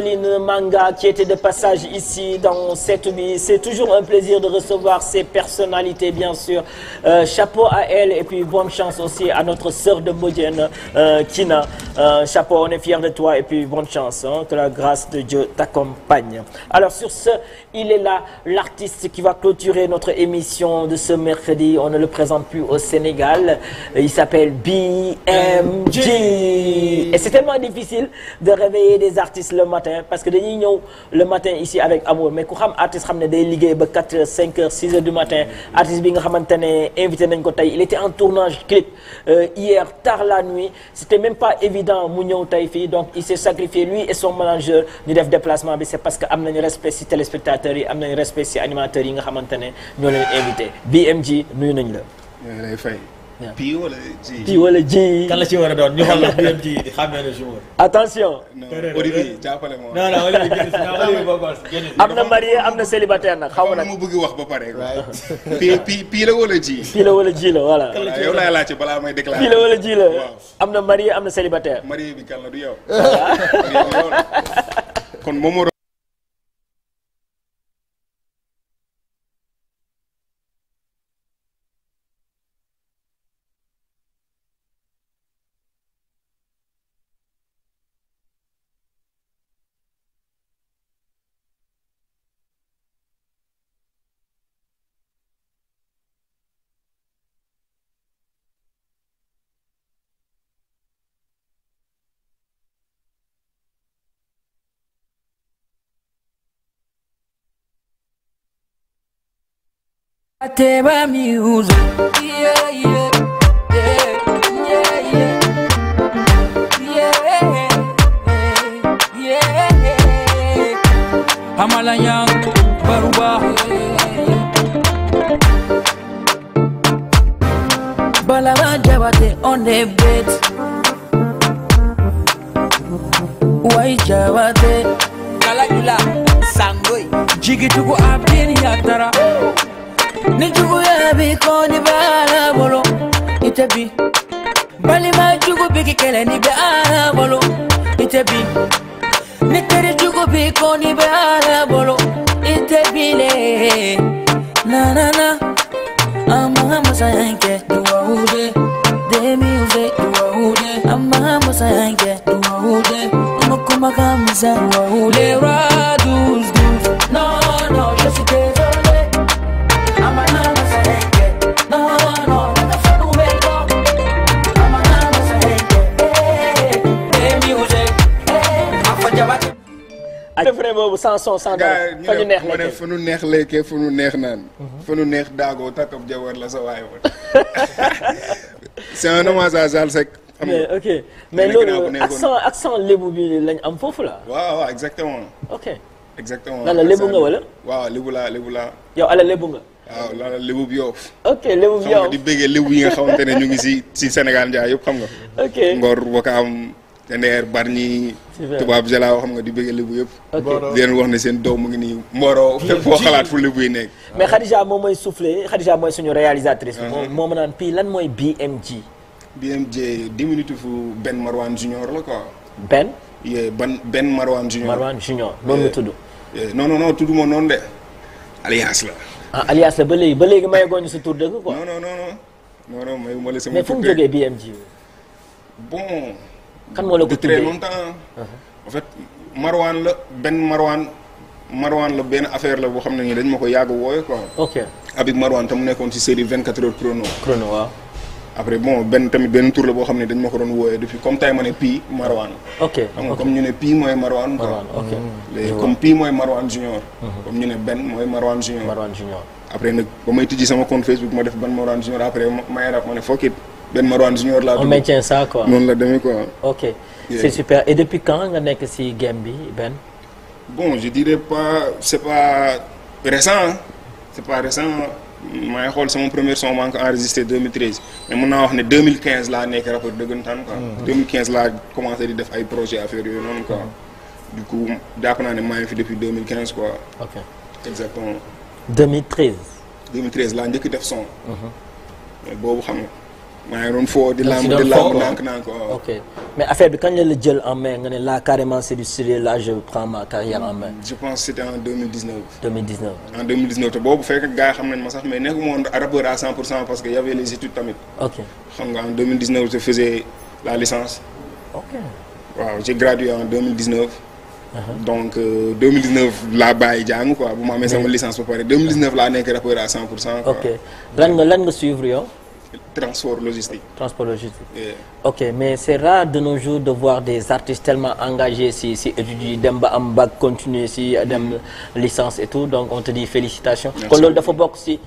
Pauline Manga qui était de passage ici dans cette bi c'est toujours un plaisir de recevoir ces personnalités bien sûr euh, chapeau à elle et puis bonne chance aussi à notre sœur de Mbodiène euh, euh, chapeau on est fiers de toi et puis bonne chance que la grâce de Dieu t'accompagne alors sur ce il est là l'artiste qui va clôturer notre émission de ce mercredi on le présente plus au Sénégal il s'appelle BMG de réveiller des artistes le matin matin parce que dañuy ñëw le matin ici avec amour mais ku xam artiste xam ne day liggéey ba 4 heures 5 heures 6 heures du matin artiste bi nga xamante ne invité nañ ko tey il était en tournage clip euh, hier tard la nuit c'était même pas évident mu ñëw tey fii donc il s'est sacrifié lui et son manager ñu def déplacement bi c'est parce que am nañu respect ci téléspectateurs yi am nañu respect ci animateurs yi nga xamante ne ñoo leen invité BMG nuyu nañ la. pii wala ji pii wala ji. kan la ci war a doon ñu xool la bu ci xam ne jour. attention. non Olivier jàppale am na marié am na célibataire nag xaw ma nag. mu wax ba pare. pii pii pii la wala ji. la wala ji la voilà. yow laay laajte balaa may déclarer. pii la am na marié am na célibataire. bi kan du yow. Ateba Music. jabate on the bed Wai jabate Kala yula sangoi Jigi tuku abdini yatara nijugu yabi koni bara bolo itebi balima jugu biki kele ni bara bolo itebi nitere jugu bi koni bara bolo itebile na na na amma musa yanke duwa hude demi hude duwa hude amma musa yanke duwa hude kuma kuma kamsa duwa hude journée boobu sans son sans dara fa ñu neex lekkee fa ñu neex lekkee fa ñu neex naan. Mhm. fa ñu neex daagoo takkab jawar la sa waay woon. c'est un hommage à mais ok mais loolu accent accent lébu la. waaw waaw exactement. ok la lébu nga wala. waaw lébu laa lébu laa. yow ala lébu nga. waaw la lébu bi yoof ok lébu bi yoof nga di bëggee lébu yi nga xamante ne ñu ngi si si Sénégal njaay yëpp xam nga. ok Ngor Wakaam. Ndeer Bargny. tubaab Jalaaw xam nga di bëgg Lebu yëpp. ok di leen wax ne seen doom mu ngi nii Mboro fépp foo xalaat fu Lebu yi nekk. mais Khadija moom mooy soufflé Khadija mooy suñu réalisatrice. Ah. moom moo naan pii lan mooy BMG. BMG diminutif Ben Marwan Junior la quoi. Ben. ban Ben Marwan Junior. Marwan Junior noonu la tudd. non non non tudd ma noonu de. alias la. ah alias ba léegi ba léegi maye gooñu sa tur dëgg quoi. non non non non mais fu mu jógee BMG. bon. kan moo la ko tuddee longtemps la benn Marwan Marwan la benn affaire la boo xam ne nii dañ ma ko yàgg wooye quoi. ok Habib Marwan tam nekkoon ci série 24 heures chrono. chrono tamit benn tour la boo xam ne dañ ma ko doon wooyee depuis comme tay ma ne Pi Marwan. comme ñu ne Pi mooy Marwan. Marwan mm-hmm. comme Pi mooy Marwan junior. Mm-hmm. comme ñu ne Ben mooy Marwan junior. après nag ba may tijji sama compte Facebook ma def ban Marwan junior après ma ma ma ne fokkit benn Marwan Junior laa. on maintient ça quoi noonu la demee quoi. ok c'est super et depuis quand nga nekk ci game bi Ben. bon je dirais pas c'est pas récent c'est pas récent maa ngi xool sama premier son maa ngi ko enregistré 2013 mais mun naa wax ne 2015 laa nekk rappeur dëggantaan quoi. 2015 mm. laa commencé di def ay projet affaire yooyu noonu quoi. Mm. du coup jàpp naa ne maa ngi fi depuis 2015 quoi. ok exactement. 2013. 2013 laa njëkk def son. Mm-hmm. mais boobu xam maa ngi doon foo di lamb di lamb nank nank waaw ok mais affaire bi kañ la la jël en main nga ne là carrément c'est du sérieux là je prends ma carrière en main. je pense c'était en 2019. boobu fekk gars yi xam nañ ma sax mais nekkuma woon rappeur à 100 pour cent parce que y avait les études tamit. ok je faisais la licence. ok waaw j'ai gradué en 2019. Uh uh-huh. donc euh, laa bàyyi jàng quoi bu ma amee sama licence ba pare 2019 laa nekk rappeur à 100 pour cent. ok lan nga suivre yow. transport logistique. Transport logistique. Yeah. ok mais c'est rare de nos jours de voir des artistes tellement engagés si si yi dem ba am bac continuer si euh, dem licence et tout donc on te dit félicitations. kon loolu dafa bokk si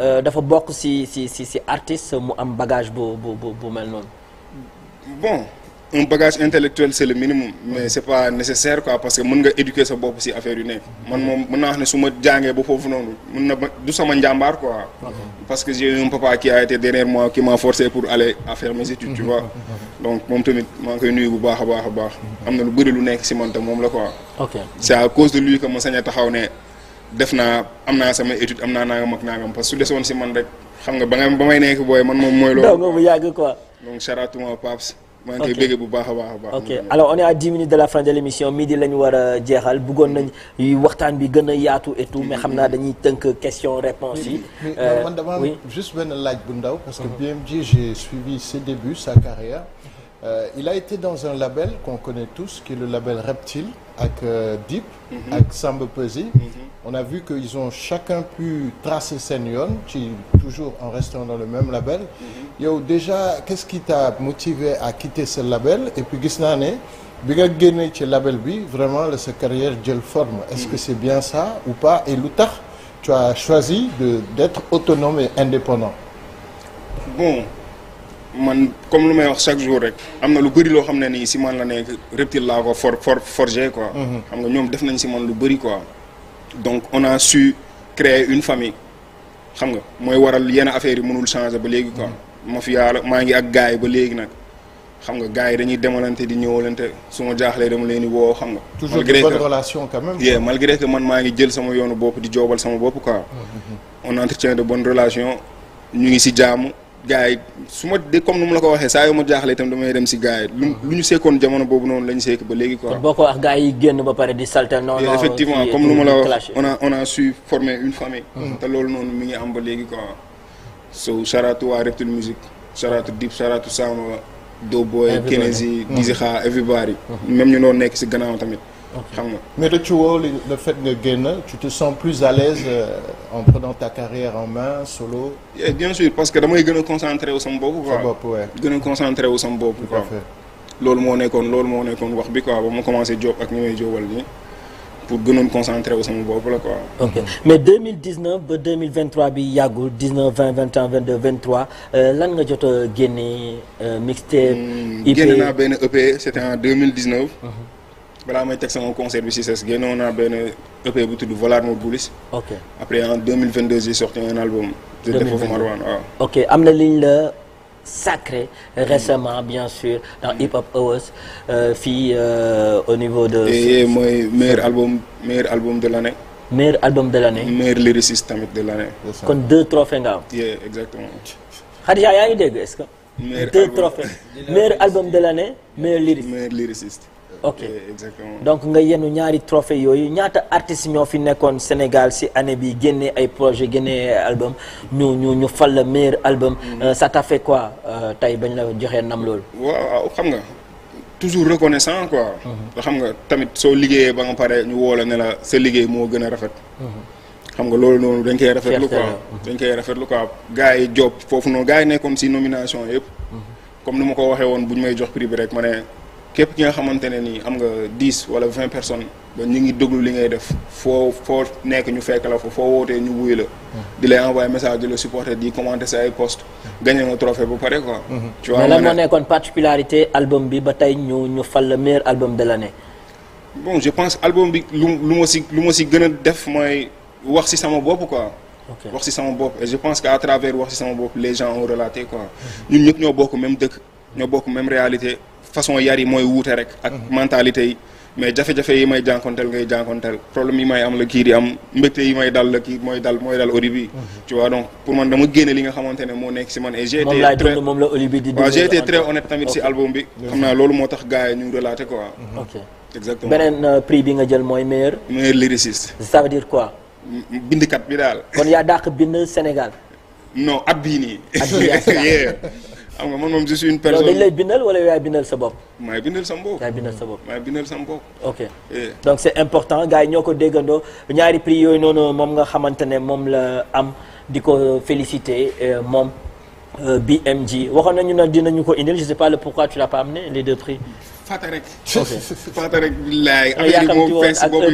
euh, dafa bokk si si si si artiste mu am bagage bu bu bu mel noonu. un bagage intellectuel c'est le minimum mais c'est pas nécessaire quoi parce que mën nga éduquer sa bopp ci affaire yu ne moom sama njàmbaar quoi parce que j'ai un papa qui a été derrière moi m'a tamit maa ngi koy nuyu bu baax a baax a baax am na lu bëri lu nekk ci man te moom la quoi ok c'est à cause de lui que ma sañ a taxaw ne def naa am naa sama étude am naa nangam ak nangam parce que su desoon ci man rek xam nga ba nga ba may nekk booy man moom mooy loolu donc charatou ma paps maa ngi koy bégg bu baax a baax a baax. ok alors on est à 10 minutes de la fin de l' émission midi la ñu war a jeexal bëggoon nañ waxtaan bi gën a yaatu et tout mais xam naa dañuy tënk question réponse yi. Euh, juste benn laaj bu ndaw. parce que BMG j'ai suivi ses débuts sa carrière. Euh, il a été dans un label qu'on connaît tous, qui est le label Reptile, avec euh, Deep, mm -hmm. avec Samba Peuzzi. Mm -hmm. On a vu qu'ils ont chacun pu tracer seen yoon ci toujours en restant dans le même label. Mm -hmm. yow déjà qu'est-ce qui t'a motivé à quitter ce label et puis gis naa ne bi nga génnee ci label bi vraiment la sa carrière jël forme. est-ce mhm. que c'est bien ça ou pas et lu tax tu as choisi de d'être autonome et indépendant. bon. man comme lu may wax chaque jour rek am na lu bëri loo xam ne nii si man la nekk reptile laa ko for for forger quoi. Mhm. xam nga ñoom def nañ si man lu bëri quoi. donc on a su créer une famille xam nga mooy waral yenn affaires yi mënul changer ba léegi quoi. Mhm. ma fi yàlla maa ngi ak gars yi ba léegi nag xam nga gars yi dañuy demalante di ñëwalante su ma jaaxlee dama leen di woo xam nga. toujours de bonne relation man maa ngi jël sama yoonu bopp di joobal sama bopp quoi. Mhm. on entretient gars yi su ma de comme nu mu la ko waxee saa yoo ma jaaxle itam damay dem si gars yi lu ñu seekoon jamono boobu noonu la ñu ba léegi quoi. boo ko wax gars yi génn ba pare di saltal non non effectivement comme nu ma la wax a on a su former une famille. Mm-hmm. te loolu noonu mu ngi am ba léegi quoi. so charatu waa Reptile Musique charatu Dip charatu Samba Doughboy Kenezi Dizzy Kha everybody mm-hmm. mm-hmm. même ñu doon nekk si gannaaw tamit. xam nga mais rëccuwoo le fait nga génn tu te sens plus à l'aise euh, en prenant ta carrière en main solo. Eh, bien sûr parce que damay gën a concentré wu sam bopp quoi sa bopp ouais. gën a concentré wu sama bopp loolu moo nekkoon loolu moo nekkoon wax bi quoi ba ma commencé job ak ñi may jobal pour gënoon concentré wu sama bopp la quoi. ok mais 2019 ba 2023 bi yàggul 19 20 21 22 23 lan nga jot a génne euh, mixtape. Hmm, EP na naa benn EP c'était en 2019. Uh -huh. balaa may teg sama concert bi si ses génnoon naa benn EP bu tudd Volar Mo Boulis. ok après en 2022 j'ai un album. de Defo Marwan waaw. ok am na liñ la. sacré récemment bien sûr dans mm. Hip Hop Awards euh, fii euh, au niveau de. et, et mooy meilleur album meilleur album de l'année. meilleur lyriciste tamit de l'année. kon deux trophées nga am. exactement. Khadija ngi dégg ce que. meilleur album de l'année meilleur lyriciste. ok euh, exactement donc nga yenu ñaari trophée yooyu ñaata artistes ñoo fi nekkoon Sénégal si année bi génnee ay projet génnee album ñu ñu fal la meilleur album. Mm-hmm. Euh, ça t'a fait quoi euh, tey bañ la joxee nam loolu. waaw xam nga toujours reconnaissant quoi. Mm-hmm. xam nga tamit soo liggéeyee ba nga pare ñu woo la ne la sa liggéey moo gën a rafet. Mm-hmm. xam nga loolu noonu dañ koy rafetlu quoi dañ koy rafetlu ko gars yi job foofu noonu gaa yi nekkoon si nomination yëpp. comme ni ma ko waxee woon bu ñu may jox prix rek ma ne. képp ki nga xamante ne ni am nga dix wala vingt personnes ba ñu ngi déglu li ngay def foo foo nekk ñu fekk la fa foo wootee ñu wuy la. Hmm. di lay envoyer message di la supporter di commenter sa ay post hmm. gagné nga trophée ba pare quoi. Hmm. tu vois mais lan moo nekkoon particularité album bi ba tey ñu ñu fal le meilleur album de l'année. bon je pense album bi lu lu ma si lu ma si gën a def mooy wax si sama bopp quoi. wax si sama bopp et je pense que à travers wax si sama bopp les gens ont relaté quoi. ñun ñëpp ñoo bokk même dëkk. ñoo bokk même réalité. façon yar yi mooy wuute rek ak mhm. mentalité yi mais jafe-jafe yi may jànkonteel ngay jànkonteel problème yi may am la kii di am mbégte yi may dal la kii mooy dal mooy dal Oly mhm. donc pour man dama génne li nga xamante ne moo nekk si man et j'ai été très moom tamit si album bi xam naa loolu moo tax gars yi ñu relaté quoi mhm. ok beneen euh, prix bi nga jël mooy meilleur meilleur lyriciste ça veut dire quoi bindkat bi daal kon yaa dàq bind Sénégal non ab bii nii xam nga moom je suis une personne. dañ lay bindal wala yaay bindal sa bopp. maay bindal sa bopp maay bindal sa bopp. maay bindal sa bopp. ok eh. donc c'est important gars ñoo ko déggandoo ñaari prix yooyu noonu moom nga xamante ne moom la am di ko féliciter euh, moom euh, BMG waxoon nañu ne dinañu ko indil je sais pas le pourquoi tu l'as pas amené les deux prix. fàtte rek. ok fàtte rek billaay. affaire yi moom fees boobu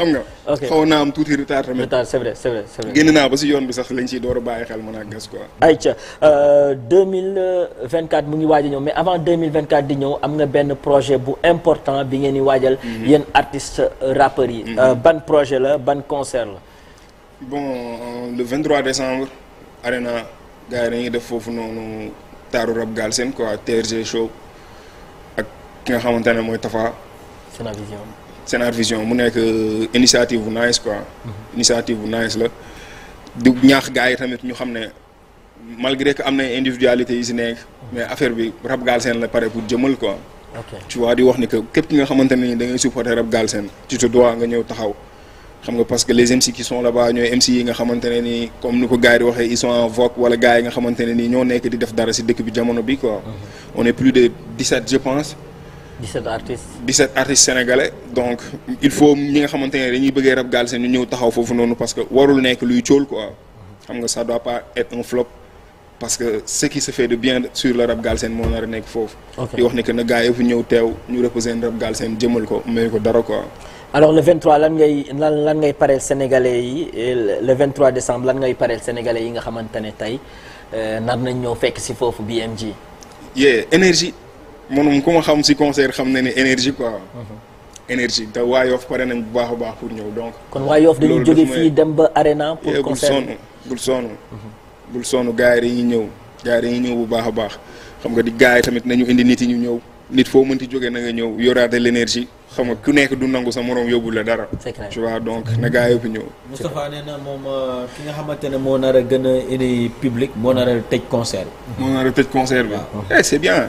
xam nga. ok xaw naa am tuuti retard tamit. retard c'est vrai c'est vrai génn naa ba si yoon bi sax lañ ciy door bàyyi xel mën a gas quoi. ayca 2024 euh, mu ngi waaj a ñëw mais avant 2024 di ñëw am nga benn projet bu important bi ngeen di waajal. Mhm. yéen artistes euh, rappeurs yi. Mhm. Euh, ban projet la ban concert la. bon le 23 décembre. Arena gars yi dañuy def foofu noonu taaru seen Galsen quoi TRG show. ki nga xamante ne mooy Tafa. Sénar Vision. mu nekk euh, initiative bu nice quoi. Mhm. initiative bu nice la. di ñaax gaa yi tamit ñu xam ne malgré que am na individualité yi si nekk. Mhm. mais affaire bi rap galsen la pare pour jëmal quoi. ok tu vois di wax ni que képp ki nga xamante ne ni da ngay supporter rap galsen tu te dois nga ñëw taxaw. xam nga parce que les MC qui sont là-bas ñooy MC yi nga xamante ne nii comme ni ko gars yi di waxee ils sont en vogue wala yi nga xamante ne di def dara si dëkk bi jamono bi quoi. Mhm. on est pense. 17 artistes 17 artistes sénégalais donc il faut ñi nga xamante ne dañuy bëggee rap Galsen ñu ñëw taxaw foofu noonu parce que warul nekk luy cóol quoi xam nga ça doit pas être parce que ce qui se fait de bien sur le rap Galsen moo nar nekk foofu. di wax ne que na gars yëpp ñëw teew ñu représenter rap Galsen jëmal ko may ko dara quoi. alors le 23 lan ngay lan lan ngay pareel sénégalais yi le 23 décembre lan ngay pareel sénégalais yi nga xamante ne tey euh, nar nañ ñëw fekk si foofu BMG. yee énergie. mënum ku ma xam si concert xam na ne énergie quoi. énergie te waa Yoff pare nañ bu baax a baax pour ñëw donc. kon waa Yoff dañu jóge fii dem ba arena pour eh, concert bul sonn bul sonn. bul sonn yi dañuy ñëw gars yi ñëw bu baax a baax xam nga di gars yi tamit nañu indi nit yi ñu ñëw nit foo mënti jógee na ñëw yoraate l' énergie xam nga ku nekk du nangu sa moroom yóbbu la dara. tu vois donc na gars yëpp ñëw. Moustapha nee na moom fi euh, nga xamante ne moo nar a gën a indi public moo nar a tëj concert. moo nar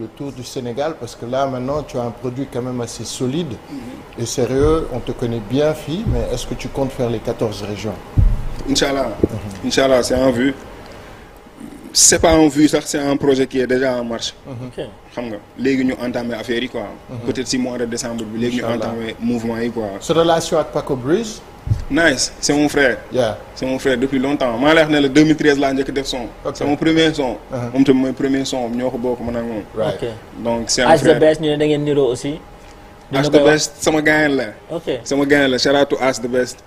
le tour du Sénégal parce que là maintenant tu as un produit quand assez solide et sérieux on te connaît bien fii mais est-ce que tu comptes faire les quatorze régions Inch'Allah mm -hmm. Inch'Allah c'est en un projet qui est déjà en marche xam nga léegi ñu entamé affaire yi quoi mhm. peut-être si mois de décembre bi léegi ñu mouvement yi quoi sa relation ak Paco nice c' est mon frère. waaw c' est mon depuis longtemps maa lay wax la 2013 laa njëkk def son. ok c' est premier son. Uh-huh. moom tamit mooy premier son ñoo ko bokk man moom. donc c' the best ñu ne da ngeen niroo aussi. H the best sama gaañal la. ok sama gaañal la shout to H the best.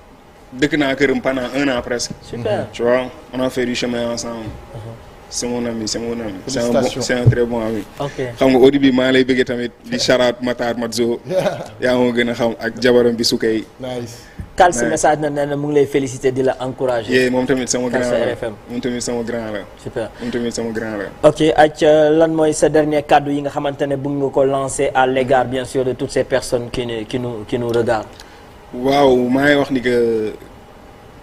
dëkk naa këram pendant un an presque. super tu vois a fait du chemin ensemble. Uh-huh. c' est mon ami c' est mon ami. c' est un bon c' est un très bon ami. ok xam nga audi bi maa ma gën a xam ak jabaram bi Kal si message na nee na mu ngi lay féliciter di la encourager. yee moom tamit sama grand la RFM moom ok ak lan mooy sa dernier kàddu yi nga xamante ne bëgg nga ko lancer à l'égard bien sûr de toutes ces personnes qui nous qui waaw maa ngi wax ni que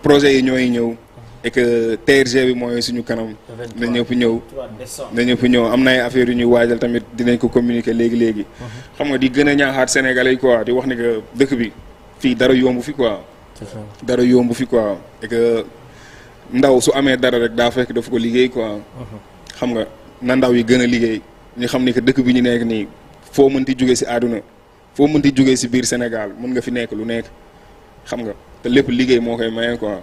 projet yi ñooy ñëw. et que TRG bi mooy suñu kanam. na ñëpp ñëw. na ñëpp ñëw am na ay yu ñuy waajal tamit dinañ ko communiquer léegi léegi. Mhm. xam nga di gën a ñaaxaat sénégalais yi quoi di wax ni que dëkk bi. fii dara yombu fi quoi. dara yombu fi quoi et ndaw su amee dara rek daa fekk dafa ko liggéey quoi. Uh-huh. xam nga na ndaw yi gën a liggéey ñu xam ni que dëkk bi ñu nekk nii foo mënti jóge si àdduna foo mënti jóge si biir Sénégal mën nga fi nekk lu nekk xam nga te lépp liggéey moo koy maye quoi.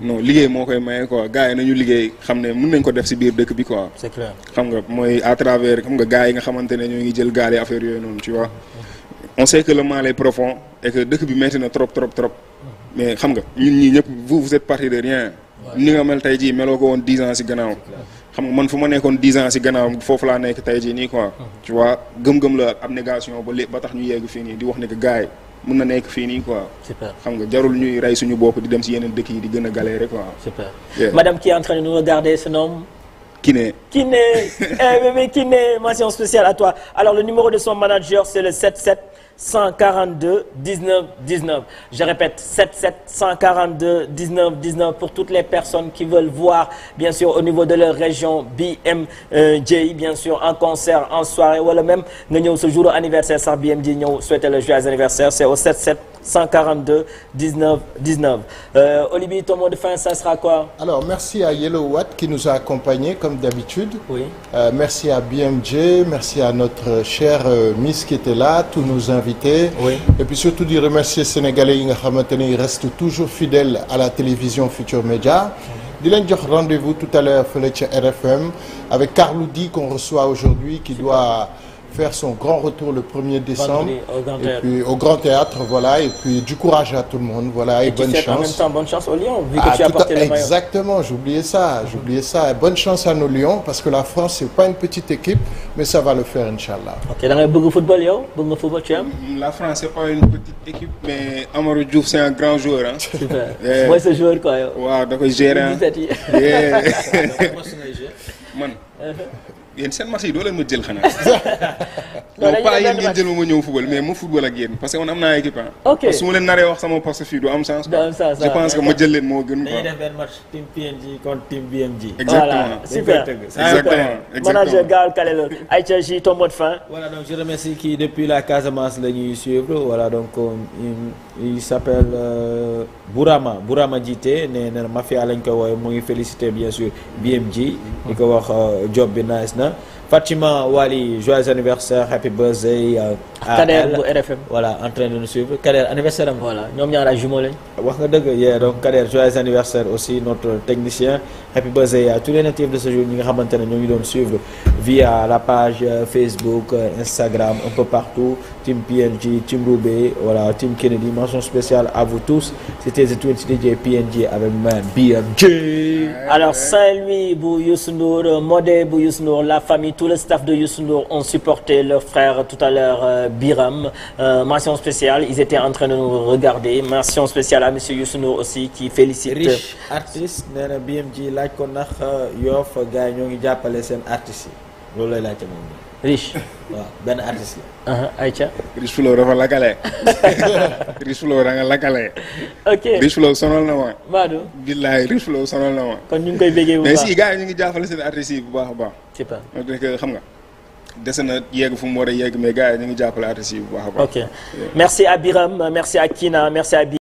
non liggéey moo koy maye quoi gars yi nañu liggéey xam ne mën nañ ko def si biir dëkk bi quoi. c'est xam nga mooy à travers xam nga gars yi nga xamante ne ñoo ngi jël gaal yi affaire yooyu noonu tu vois. on sait que le mal est profond et que dëkk bi metti trop trop trop mais xam nga ñun ñii ñëpp vous vous êtes de rien ni nga mel tey meloo ko woon dix ans si gannaaw xam nga man fu ma nekkoon dix ans si gannaaw foofu laa nekk tey jii nii quoi tu vois gëm-gëm la abnégation ba lé tax ñu yegg fii nii di wax ne que gars na nekk fii nii quoi. super xam nga jarul ñuy rey suñu bopp di dem si yeneen dëkk yi di gën a galérer quoi. super yeah. madame qui est en regarder se nomme. Kiné. Kiné eh bébé mention spéciale 142 19 19 je répète 77 142 19 19 pour toutes les personnes qui veulent voir au niveau de leur région BMJ bien sûr en concert en soirée wala même nga ñëw sa jour anniversaire sax BMJ ñëw souhaiter le joyeux anniversaire c'est au 77 142 19 19 euh, Olivier ton mot de fin ça sera quoi alors merci à Yellow Watt qui nous comme d'habitude oui euh, merci à BMJ merci à notre chère euh, Miss qui invités. surtout di remercier sénégalais yi nga xamante ni restent toujours fidèles à la télévision Futur Média. di leen jox rendez-vous tout à l'heure fële ca RFM avec Carlou D qu'on reçoit aujourd'hui qui doit. faire son grand retour le 1er décembre. Au Grand Théâtre. Et puis au Grand Théâtre, voilà. Et puis du courage à tout le monde, voilà. Et, et bonne chance. en même temps, bonne chance aux Lions, vu ah, que tu as porté à, le maillot. Exactement, j'oubliais ça, j'oubliais ça. Et bonne chance à nos Lions, parce que la France, c'est pas une petite équipe, mais ça va le faire, Inch'Allah. Ok, dans le football, yo, le football, tu aimes La France, c'est pas une petite équipe, mais Amaro Diouf, c'est un grand joueur. Hein. Super. yeah. Moi, ce joueur, quoi. Yo. Wow, donc, gérant. Yeah. Moi, c'est un joueur. Man. yéen seen match yi doo leen ma jël xanaa. non pas yéen ngeen jël ma ma ñëw football mais ma football ak yéen parce que on am naa équipe ah. ok su ma leen naree wax sama poste fii du am chance. du am chance je pense que ma jël leen moo gën quoi. dañuy def benn match team PNG contre team BMG. exactement super exactement manager Gaal kale loolu. ayca ji tombe de fin. voilà donc je remercie qui depuis la Casamance la ñuy suivre voilà donc euh, il s'appelle euh, Bourama Bourama Djité nee na mafia lañ ko woowee mu ngi féliciter bien sûr BMG. di ko wax euh, job bi nice na. na Fatima Wali joyeux anniversaire happy birthday. Euh, à Kader bu RFM. voilà en train de nous suivre anniversaire am. voilà ñoom ñaar ay jumeaux wax nga dëgg yee donc Kader joyeux anniversaire aussi notre technicien. happy birthday à tous les natifs de ce jour ñi nga xamante ne ñoo ngi doon suivre via la page euh, Facebook euh, Instagram un peu partout team PNG team Roubaix voilà team Kennedy mention spéciale à The PNG avec Saint-Louis bu Youssou Ndour euh, Modé bu Youssou Ndour la famille tout le staff de Youssou Ndour ont supporté leur frère tout à l'heure euh, Biram euh, mention spéciale ils étaient en train de nous regarder mention spéciale à monsieur Youssou Ndour aussi qui félicite. artiste nee na laaj ko ndax euh, Yoff gars yi ñoo ngi jàppale seen artistes yi loolu lay laajte moom riche waaw benn artiste la. ayca. riche fuloo dafa lakkale. riche fuloo da nga lakkale. ok riche fuloo sonal na ma. Madou. billaay riche fuloo sonal na ma. kon ñu ngi koy bégee bu baax si gars yi ñu ngi jàppale seen artistes yi bu baax a baax. xam nga. dese na yegg fu mu war a yegg yi ñu ngi jàppale artistes bu baax a baax. merci à Biram merci à Kina